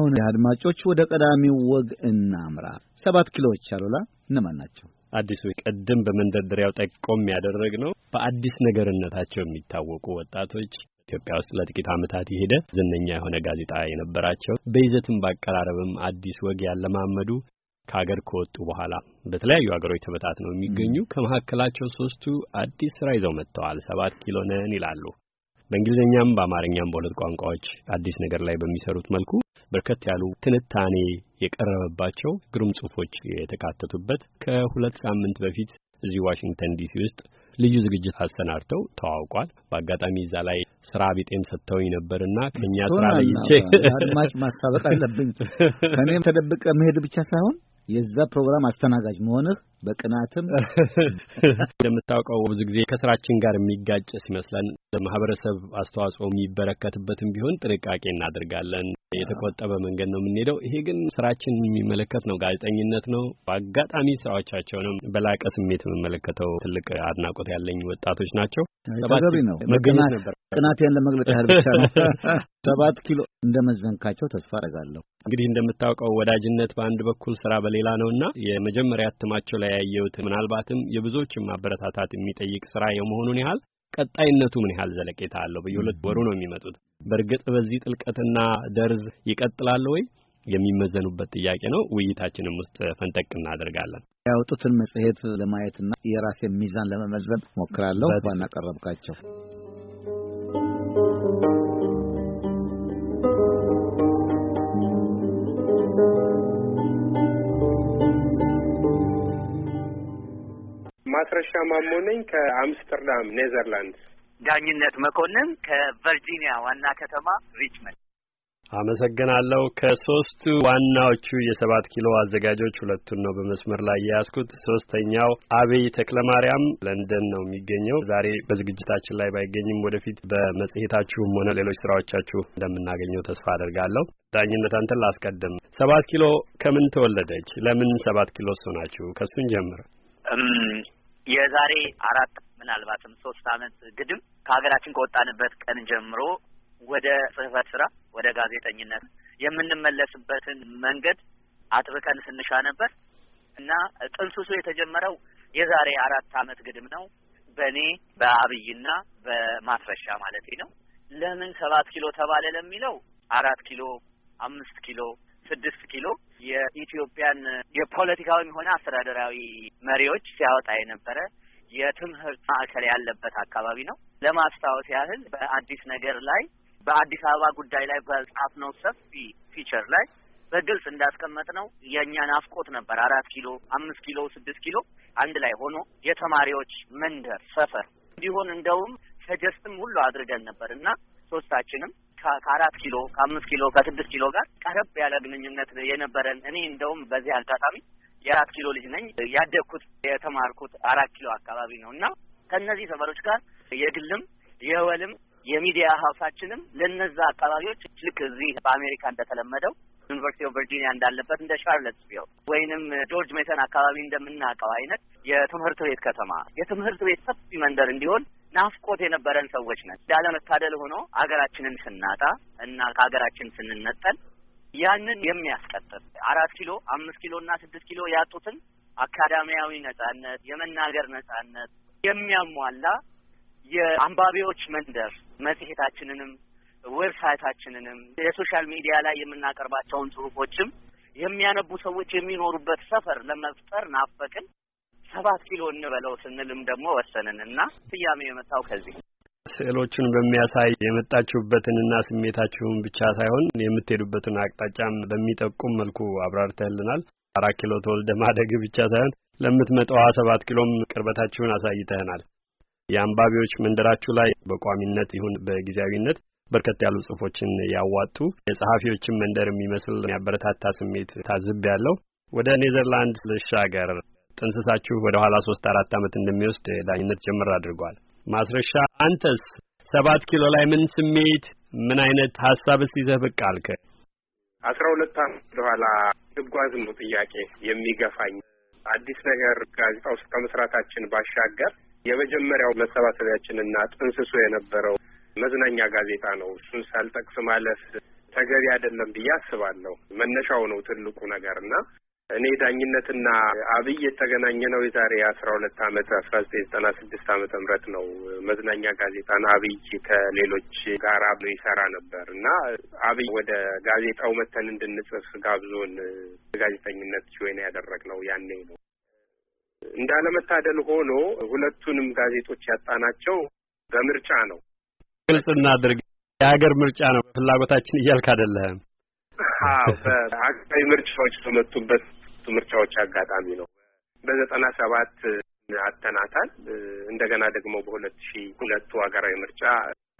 አሁን አድማጮች ወደ ቀዳሚው ወግ እናምራ። ሰባት ኪሎዎች አሉላ እነማን ናቸው? አዲሱ ቅድም በመንደርደሪያው ጠቆም ያደረግ ነው። በአዲስ ነገርነታቸው የሚታወቁ ወጣቶች ኢትዮጵያ ውስጥ ለጥቂት ዓመታት የሄደ ዝነኛ የሆነ ጋዜጣ የነበራቸው በይዘትም በአቀራረብም አዲስ ወግ ያለማመዱ ከሀገር ከወጡ በኋላ በተለያዩ ሀገሮች ተበታትነው የሚገኙ ከመካከላቸው ሶስቱ አዲስ ስራ ይዘው መጥተዋል። ሰባት ኪሎ ነን ይላሉ። በእንግሊዝኛም በአማርኛም በሁለት ቋንቋዎች አዲስ ነገር ላይ በሚሰሩት መልኩ በርከት ያሉ ትንታኔ የቀረበባቸው ግሩም ጽሁፎች የተካተቱበት ከሁለት ሳምንት በፊት እዚህ ዋሽንግተን ዲሲ ውስጥ ልዩ ዝግጅት አሰናድተው ተዋውቋል። በአጋጣሚ እዛ ላይ ስራ ቢጤም ሰጥተውኝ ነበርና ከኛ ስራ ለይቼ አድማጭ ማሳበጥ አለብኝ። ከእኔም ተደብቀ መሄድ ብቻ ሳይሆን የዛ ፕሮግራም አስተናጋጅ መሆንህ በቅናትም እንደምታውቀው ብዙ ጊዜ ከስራችን ጋር የሚጋጭ ሲመስለን ለማህበረሰብ አስተዋጽኦ የሚበረከትበትም ቢሆን ጥንቃቄ እናደርጋለን። የተቆጠበ መንገድ ነው የምንሄደው። ይሄ ግን ስራችን የሚመለከት ነው፣ ጋዜጠኝነት ነው። በአጋጣሚ ስራዎቻቸውንም በላቀ ስሜት የምመለከተው ትልቅ አድናቆት ያለኝ ወጣቶች ናቸው። ተገቢ ነው። ቅናቴን ለመግለጫ ያህል ብቻ ነው። ሰባት ኪሎ እንደመዘንካቸው ተስፋ አደርጋለሁ። እንግዲህ እንደምታውቀው ወዳጅነት በአንድ በኩል ስራ በሌላ ነውና የመጀመሪያ እትማቸው ላይ ያየሁት ምናልባትም የብዙዎችን ማበረታታት የሚጠይቅ ስራ የመሆኑን ያህል ቀጣይነቱ ምን ያህል ዘለቄታ አለው? በየሁለት ወሩ ነው የሚመጡት። በእርግጥ በዚህ ጥልቀትና ደርዝ ይቀጥላል ወይ የሚመዘኑበት ጥያቄ ነው። ውይይታችንም ውስጥ ፈንጠቅ እናደርጋለን። ያወጡትን መጽሔት ለማየትና የራሴን ሚዛን ለመመዝበን ሞክራለሁ። ባናቀረብካቸው ማስረሻ ማሞ ነኝ ከአምስተርዳም ኔዘርላንድ። ዳኝነት መኮንን ከቨርጂኒያ ዋና ከተማ ሪችመንድ። አመሰግናለሁ። ከሶስቱ ዋናዎቹ የሰባት ኪሎ አዘጋጆች ሁለቱን ነው በመስመር ላይ የያዝኩት። ሶስተኛው አቤይ ማርያም ለንደን ነው የሚገኘው። ዛሬ በዝግጅታችን ላይ ባይገኝም ወደፊት በመጽሔታችሁም ሆነ ሌሎች ስራዎቻችሁ እንደምናገኘው ተስፋ አድርጋለሁ። ዳኝነት አንተን ላስቀድም። ሰባት ኪሎ ከምን ተወለደች? ለምን ሰባት ኪሎ ሶ ናችሁ? ከእሱን ጀምር። የዛሬ አራት ምናልባትም ሶስት አመት ግድም ከሀገራችን ከወጣንበት ቀን ጀምሮ ወደ ጽህፈት ስራ ወደ ጋዜጠኝነት የምንመለስበትን መንገድ አጥብቀን ስንሻ ነበር እና ጥንስሱ የተጀመረው የዛሬ አራት አመት ግድም ነው በእኔ በአብይና በማስረሻ ማለት ነው። ለምን ሰባት ኪሎ ተባለ ለሚለው አራት ኪሎ፣ አምስት ኪሎ፣ ስድስት ኪሎ የኢትዮጵያን የፖለቲካዊም ሆነ አስተዳደራዊ መሪዎች ሲያወጣ የነበረ የትምህርት ማዕከል ያለበት አካባቢ ነው። ለማስታወስ ያህል በአዲስ ነገር ላይ በአዲስ አበባ ጉዳይ ላይ ነው ሰፊ ፊቸር ላይ በግልጽ እንዳስቀመጥ ነው የእኛ ናፍቆት ነበር። አራት ኪሎ፣ አምስት ኪሎ፣ ስድስት ኪሎ አንድ ላይ ሆኖ የተማሪዎች መንደር ሰፈር እንዲሆን እንደውም ሰጀስትም ሁሉ አድርገን ነበር እና ሶስታችንም ከአራት ኪሎ ከአምስት ኪሎ ከስድስት ኪሎ ጋር ቀረብ ያለ ግንኙነት የነበረን እኔ እንደውም በዚህ አጋጣሚ የአራት ኪሎ ልጅ ነኝ። ያደግኩት የተማርኩት አራት ኪሎ አካባቢ ነው እና ከእነዚህ ሰፈሮች ጋር የግልም የወልም የሚዲያ ሀውሳችንም ለነዛ አካባቢዎች ልክ እዚህ በአሜሪካ እንደተለመደው ዩኒቨርሲቲ ኦፍ ቨርጂኒያ እንዳለበት እንደ ሻርለትስቪል ወይንም ጆርጅ ሜሰን አካባቢ እንደምናውቀው አይነት የትምህርት ቤት ከተማ የትምህርት ቤት ሰፊ መንደር እንዲሆን ናፍቆት የነበረን ሰዎች ነን። ያለመታደል ሆኖ አገራችንን ስናጣ እና ከሀገራችን ስንነጠል ያንን የሚያስቀጥል አራት ኪሎ አምስት ኪሎ እና ስድስት ኪሎ ያጡትን አካዳሚያዊ ነጻነት፣ የመናገር ነጻነት የሚያሟላ የአንባቢዎች መንደር መጽሔታችንንም ዌብሳይታችንንም የሶሻል ሚዲያ ላይ የምናቀርባቸውን ጽሁፎችም የሚያነቡ ሰዎች የሚኖሩበት ሰፈር ለመፍጠር ናፈቅን። ሰባት ኪሎ እንበለው ስንልም ደግሞ ወሰንን እና ስያሜ የመጣው ከዚህ ስዕሎቹን በሚያሳይ የመጣችሁበትንና ስሜታችሁን ብቻ ሳይሆን የምትሄዱበትን አቅጣጫም በሚጠቁም መልኩ አብራርተህልናል። አራት ኪሎ ተወልደ ማደግ ብቻ ሳይሆን ለምትመጣዋ ሰባት ኪሎም ቅርበታችሁን አሳይተህናል። የአንባቢዎች መንደራችሁ ላይ በቋሚነት ይሁን በጊዜያዊነት በርከት ያሉ ጽሁፎችን ያዋጡ የጸሐፊዎችን መንደር የሚመስል የሚያበረታታ ስሜት ታዝብ ያለው። ወደ ኔዘርላንድ ልሻገር። ጥንስሳችሁ ወደ ኋላ ሶስት አራት ዓመት እንደሚወስድ ዳኝነት ጀምር አድርጓል። ማስረሻ አንተስ ሰባት ኪሎ ላይ ምን ስሜት ምን አይነት ሀሳብስ ይዘህ ብቅ አልክ? አስራ ሁለት ዓመት ወደኋላ ትጓዝ ነው ጥያቄ የሚገፋኝ አዲስ ነገር ጋዜጣ ውስጥ ከመስራታችን ባሻገር የመጀመሪያው መሰባሰቢያችንና ጥንስሶ የነበረው መዝናኛ ጋዜጣ ነው። እሱን ሳልጠቅስ ማለፍ ተገቢ አይደለም ብዬ አስባለሁ። መነሻው ነው ትልቁ ነገር እና እኔ ዳኝነትና አብይ የተገናኘ ነው የዛሬ አስራ ሁለት አመት አስራ ዘጠኝ ዘጠና ስድስት አመተ ምህረት ነው። መዝናኛ ጋዜጣን አብይ ከሌሎች ጋር አብሎ ይሰራ ነበር እና አብይ ወደ ጋዜጣው መተን እንድንጽፍ ጋብዞን ጋዜጠኝነት ያደረግ ነው ያኔ ነው። እንዳለመታደል ሆኖ ሁለቱንም ጋዜጦች ያጣናቸው በምርጫ ነው። ግልጽ እናድርግ፣ የሀገር ምርጫ ነው ፍላጎታችን እያልክ አይደለም። አዎ በሀገራዊ ምርጫዎች በመጡበት ምርጫዎች አጋጣሚ ነው በዘጠና ሰባት አተናታል። እንደገና ደግሞ በሁለት ሺ ሁለቱ ሀገራዊ ምርጫ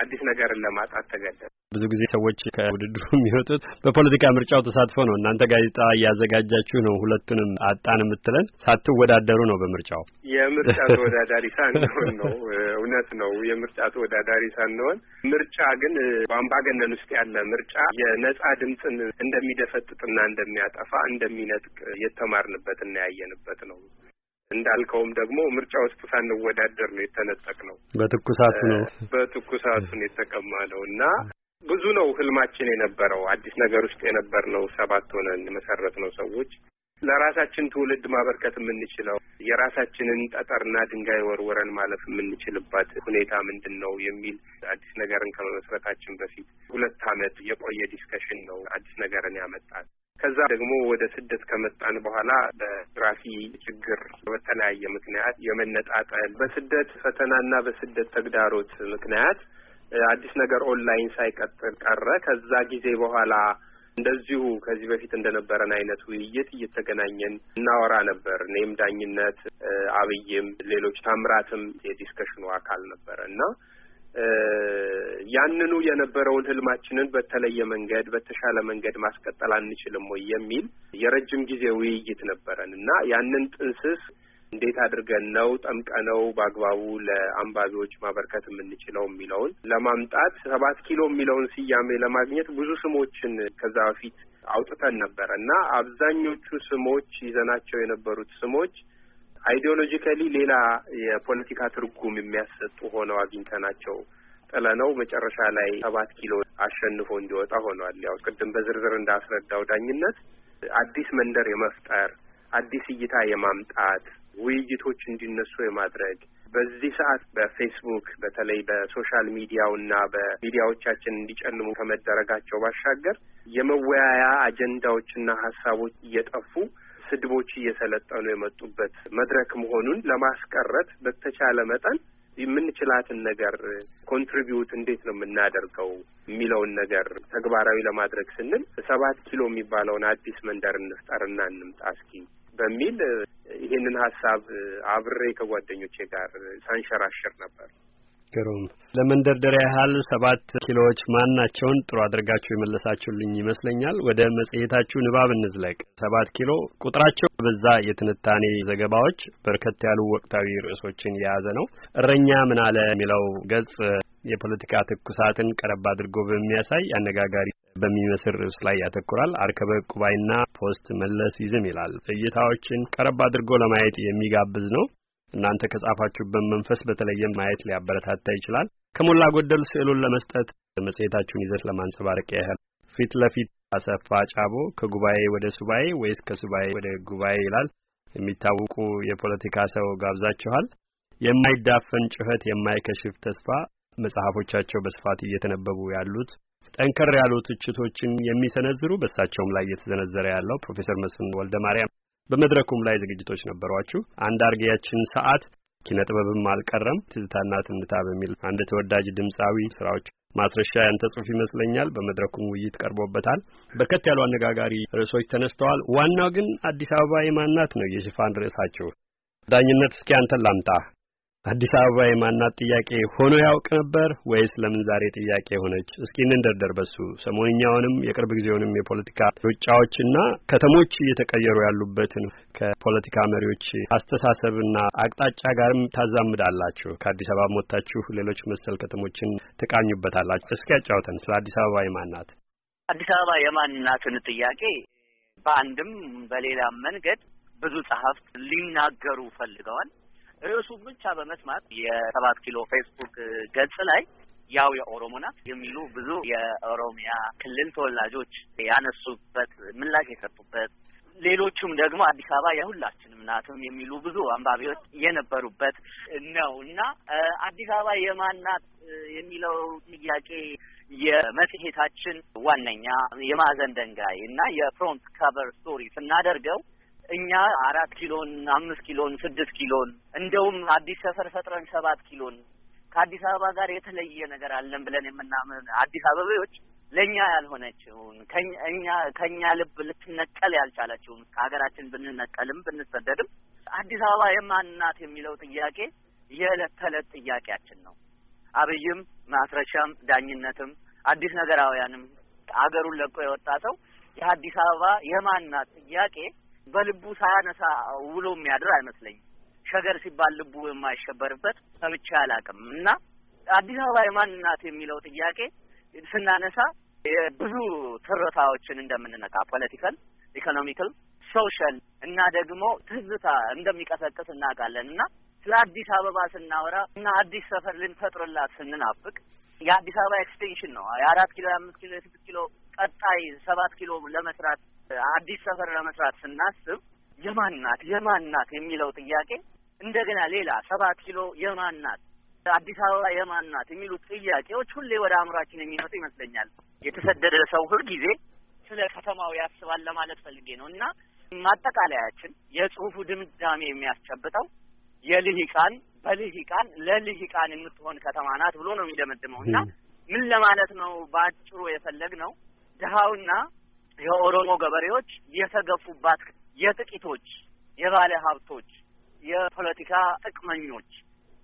አዲስ ነገርን ለማጣት ተገደል ብዙ ጊዜ ሰዎች ከውድድሩ የሚወጡት በፖለቲካ ምርጫው ተሳትፎ ነው። እናንተ ጋዜጣ እያዘጋጃችሁ ነው። ሁለቱንም አጣን የምትለን ሳትወዳደሩ ነው። በምርጫው የምርጫ ተወዳዳሪ ሳንሆን ነው። እውነት ነው። የምርጫ ተወዳዳሪ ሳንሆን ምርጫ ግን በአምባገነን ውስጥ ያለ ምርጫ የነጻ ድምፅን እንደሚደፈጥጥና እንደሚያጠፋ እንደሚነጥቅ የተማርንበት እና ያየንበት ነው። እንዳልከውም ደግሞ ምርጫ ውስጥ ሳንወዳደር ነው የተነጠቅ ነው። በትኩሳቱ ነው በትኩሳቱን የተቀማ ነው እና ብዙ ነው ህልማችን የነበረው አዲስ ነገር ውስጥ የነበርነው ሰባት ሆነን መሰረት ነው ሰዎች ለራሳችን ትውልድ ማበርከት የምንችለው የራሳችንን ጠጠርና ድንጋይ ወርውረን ማለፍ የምንችልባት ሁኔታ ምንድን ነው የሚል አዲስ ነገርን ከመመስረታችን በፊት ሁለት ዓመት የቆየ ዲስከሽን ነው አዲስ ነገርን ያመጣል። ከዛ ደግሞ ወደ ስደት ከመጣን በኋላ በራሲ ችግር በተለያየ ምክንያት የመነጣጠል በስደት ፈተናና በስደት ተግዳሮት ምክንያት አዲስ ነገር ኦንላይን ሳይቀጥል ቀረ። ከዛ ጊዜ በኋላ እንደዚሁ ከዚህ በፊት እንደነበረን አይነት ውይይት እየተገናኘን እናወራ ነበር። እኔም ዳኝነት፣ አብይም፣ ሌሎች ታምራትም የዲስከሽኑ አካል ነበረ እና ያንኑ የነበረውን ህልማችንን በተለየ መንገድ በተሻለ መንገድ ማስቀጠል አንችልም ወይ የሚል የረጅም ጊዜ ውይይት ነበረን እና ያንን ጥንስስ እንዴት አድርገን ነው ጠምቀነው በአግባቡ ለአንባቢዎች ማበርከት የምንችለው የሚለውን ለማምጣት ሰባት ኪሎ የሚለውን ስያሜ ለማግኘት ብዙ ስሞችን ከዛ በፊት አውጥተን ነበረ እና አብዛኞቹ ስሞች ይዘናቸው የነበሩት ስሞች አይዲዮሎጂካሊ ሌላ የፖለቲካ ትርጉም የሚያሰጡ ሆነው አግኝተናቸው ጥለነው መጨረሻ ላይ ሰባት ኪሎ አሸንፎ እንዲወጣ ሆኗል። ያው ቅድም በዝርዝር እንዳስረዳው ዳኝነት አዲስ መንደር የመፍጠር አዲስ እይታ የማምጣት ውይይቶች እንዲነሱ የማድረግ በዚህ ሰዓት በፌስቡክ በተለይ በሶሻል ሚዲያው እና በሚዲያዎቻችን እንዲጨልሙ ከመደረጋቸው ባሻገር የመወያያ አጀንዳዎችና ሀሳቦች እየጠፉ ስድቦች እየሰለጠኑ የመጡበት መድረክ መሆኑን ለማስቀረት በተቻለ መጠን የምንችላትን ነገር ኮንትሪቢዩት እንዴት ነው የምናደርገው የሚለውን ነገር ተግባራዊ ለማድረግ ስንል ሰባት ኪሎ የሚባለውን አዲስ መንደር እንፍጠርና እንምጣ እስኪ በሚል ይህንን ሀሳብ አብሬ ከጓደኞቼ ጋር ሳንሸራሽር ነበር። ግሩም ለመንደርደሪያ ያህል ሰባት ኪሎዎች ማናቸውን ጥሩ አድርጋችሁ የመለሳችሁልኝ ይመስለኛል። ወደ መጽሔታችሁ ንባብ እንዝለቅ። ሰባት ኪሎ ቁጥራቸው በዛ የትንታኔ ዘገባዎች በርከት ያሉ ወቅታዊ ርዕሶችን የያዘ ነው። እረኛ ምን አለ የሚለው ገጽ የፖለቲካ ትኩሳትን ቀረብ አድርጎ በሚያሳይ አነጋጋሪ በሚመስል ርዕስ ላይ ያተኩራል። አርከበ ቁባይና ፖስት መለስ ይዝም ይላል። እይታዎችን ቀረብ አድርጎ ለማየት የሚጋብዝ ነው። እናንተ ከጻፋችሁበት መንፈስ በተለየ ማየት ሊያበረታታ ይችላል። ከሞላ ጎደል ስዕሉን ለመስጠት መጽሔታችሁን ይዘት ለማንጸባረቅ ያህል ፊት ለፊት አሰፋ ጫቦ ከጉባኤ ወደ ሱባኤ ወይስ ከሱባኤ ወደ ጉባኤ ይላል። የሚታወቁ የፖለቲካ ሰው ጋብዛችኋል። የማይዳፈን ጩኸት፣ የማይከሽፍ ተስፋ መጽሐፎቻቸው በስፋት እየተነበቡ ያሉት ጠንከር ያሉ ትችቶችን የሚሰነዝሩ በእሳቸውም ላይ እየተዘነዘረ ያለው ፕሮፌሰር መስፍን ወልደ ማርያም በመድረኩም ላይ ዝግጅቶች ነበሯችሁ። አንድ አርጌያችን ሰዓት ኪነጥበብም አልቀረም ትዝታና ትንታ በሚል አንድ ተወዳጅ ድምፃዊ ስራዎች ማስረሻ ያንተ ጽሁፍ ይመስለኛል። በመድረኩም ውይይት ቀርቦበታል። በርከት ያሉ አነጋጋሪ ርዕሶች ተነስተዋል። ዋናው ግን አዲስ አበባ የማናት ነው የሽፋን ርዕሳችሁ። ዳኝነት እስኪ አንተን ላምጣ። አዲስ አበባ የማናት ጥያቄ ሆኖ ያውቅ ነበር ወይስ ለምን ዛሬ ጥያቄ ሆነች? እስኪ እንደርደር በሱ ሰሞንኛውንም የቅርብ ጊዜውንም የፖለቲካ ሩጫዎችና ከተሞች እየተቀየሩ ያሉበትን ከፖለቲካ መሪዎች አስተሳሰብና አቅጣጫ ጋርም ታዛምዳላችሁ። ከአዲስ አበባ ሞታችሁ ሌሎች መሰል ከተሞችን ትቃኙበታላችሁ። እስኪ ያጫውተን ስለ አዲስ አበባ የማናት አዲስ አበባ የማናትን ጥያቄ በአንድም በሌላም መንገድ ብዙ ጸሐፍት ሊናገሩ ፈልገዋል። ርዕሱን ብቻ በመስማት የሰባት ኪሎ ፌስቡክ ገጽ ላይ ያው የኦሮሞ ናት የሚሉ ብዙ የኦሮሚያ ክልል ተወላጆች ያነሱበት ምላሽ የሰጡበት ሌሎቹም ደግሞ አዲስ አበባ የሁላችንም ናትም የሚሉ ብዙ አንባቢዎች የነበሩበት ነው እና አዲስ አበባ የማን ናት የሚለው ጥያቄ የመጽሔታችን ዋነኛ የማዕዘን ደንጋይ እና የፍሮንት ካቨር ስቶሪ ስናደርገው እኛ አራት ኪሎን አምስት ኪሎን ስድስት ኪሎን እንደውም አዲስ ሰፈር ፈጥረን ሰባት ኪሎን ከአዲስ አበባ ጋር የተለየ ነገር አለን ብለን የምናምን አዲስ አበባዎች ለእኛ ያልሆነችውን እኛ ከእኛ ልብ ልትነቀል ያልቻለችውን ከሀገራችን ብንነቀልም ብንሰደድም አዲስ አበባ የማናት የሚለው ጥያቄ የዕለት ተዕለት ጥያቄያችን ነው። አብይም ማስረሻም ዳኝነትም አዲስ ነገራውያንም አገሩን ለቆ የወጣ ሰው የአዲስ አበባ የማናት ጥያቄ በልቡ ሳያነሳ ውሎ የሚያድር አይመስለኝም። ሸገር ሲባል ልቡ የማይሸበርበት ሰምቼ አላውቅም። እና አዲስ አበባ የማን ናት የሚለው ጥያቄ ስናነሳ ብዙ ትርታዎችን እንደምንነካ ፖለቲካል፣ ኢኮኖሚካል፣ ሶሻል እና ደግሞ ትዝታ እንደሚቀሰቅስ እናውቃለን እና ስለ አዲስ አበባ ስናወራ እና አዲስ ሰፈር ልንፈጥርላት ስንናፍቅ የአዲስ አበባ ኤክስቴንሽን ነው። የአራት ኪሎ የአምስት ኪሎ የስድስት ኪሎ ቀጣይ ሰባት ኪሎ ለመስራት አዲስ ሰፈር ለመስራት ስናስብ የማናት የማናት የሚለው ጥያቄ እንደገና ሌላ ሰባት ኪሎ የማናት አዲስ አበባ የማናት የሚሉት ጥያቄዎች ሁሌ ወደ አእምሯችን የሚመጡ ይመስለኛል። የተሰደደ ሰው ጊዜ ስለ ከተማው ያስባል ለማለት ፈልጌ ነው እና ማጠቃለያችን የጽሁፉ ድምዳሜ የሚያስጨብጠው የልሂቃን በልሂቃን ለልሂቃን የምትሆን ከተማ ናት ብሎ ነው የሚደመድመው እና ምን ለማለት ነው በአጭሩ የፈለግ ነው ድሀውና የኦሮሞ ገበሬዎች የተገፉባት የጥቂቶች የባለ ሀብቶች የፖለቲካ ጥቅመኞች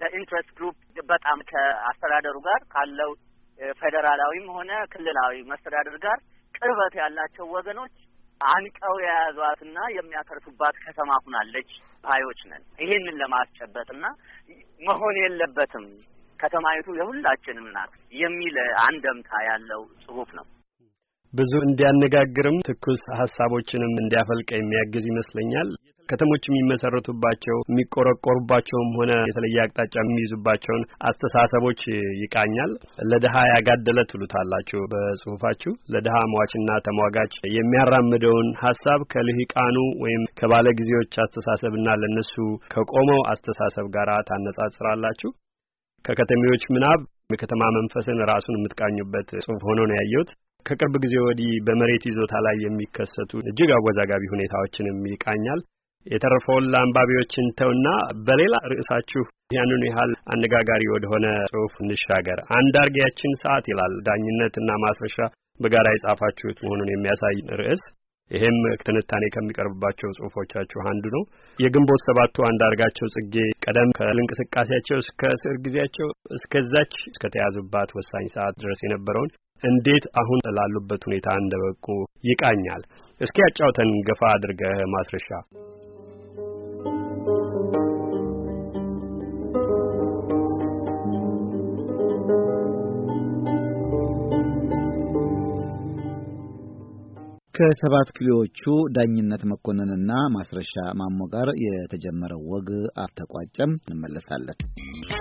በኢንትረስት ግሩፕ በጣም ከአስተዳደሩ ጋር ካለው ፌዴራላዊም ሆነ ክልላዊ መስተዳደር ጋር ቅርበት ያላቸው ወገኖች አንቀው የያዟትና የሚያተርፉባት ከተማ ሁናለች ባዮች ነን። ይሄንን ለማስጨበጥና መሆን የለበትም ከተማይቱ የሁላችንም ናት የሚል አንደምታ ያለው ጽሁፍ ነው። ብዙ እንዲያነጋግርም ትኩስ ሀሳቦችንም እንዲያፈልቀ የሚያግዝ ይመስለኛል። ከተሞች የሚመሰረቱባቸው የሚቆረቆሩባቸውም ሆነ የተለየ አቅጣጫ የሚይዙባቸውን አስተሳሰቦች ይቃኛል። ለድሀ ያጋደለ ትሉታላችሁ በጽሁፋችሁ። ለድሀ ሟችና ተሟጋች የሚያራምደውን ሀሳብ ከልሂቃኑ ወይም ከባለ ጊዜዎች አስተሳሰብና ለእነሱ ከቆመው አስተሳሰብ ጋር ታነጻጽራላችሁ። ከከተሜዎች ምናብ የከተማ መንፈስን ራሱን የምትቃኙበት ጽሁፍ ሆኖ ነው ያየሁት። ከቅርብ ጊዜ ወዲህ በመሬት ይዞታ ላይ የሚከሰቱ እጅግ አወዛጋቢ ሁኔታዎችንም ይቃኛል። የተረፈውን ለአንባቢዎችን ተውና በሌላ ርዕሳችሁ ያንኑ ያህል አነጋጋሪ ወደሆነ ጽሁፍ እንሻገር። አንድ አርጌያችን ሰዓት ይላል ዳኝነትና ማስረሻ በጋራ የጻፋችሁት መሆኑን የሚያሳይ ርዕስ። ይህም ትንታኔ ከሚቀርብባቸው ጽሁፎቻችሁ አንዱ ነው። የግንቦት ሰባቱ አንዳርጋቸው ጽጌ ቀደም ከእንቅስቃሴያቸው እስከ እስር ጊዜያቸው እስከዛች እስከተያዙባት ወሳኝ ሰዓት ድረስ የነበረውን እንዴት አሁን ላሉበት ሁኔታ እንደበቁ ይቃኛል። እስኪ ያጫውተን ገፋ አድርገህ ማስረሻ። ከሰባት ክሊዎቹ ዳኝነት መኮንንና ማስረሻ ማሞ ጋር የተጀመረው ወግ አልተቋጨም። እንመለሳለን።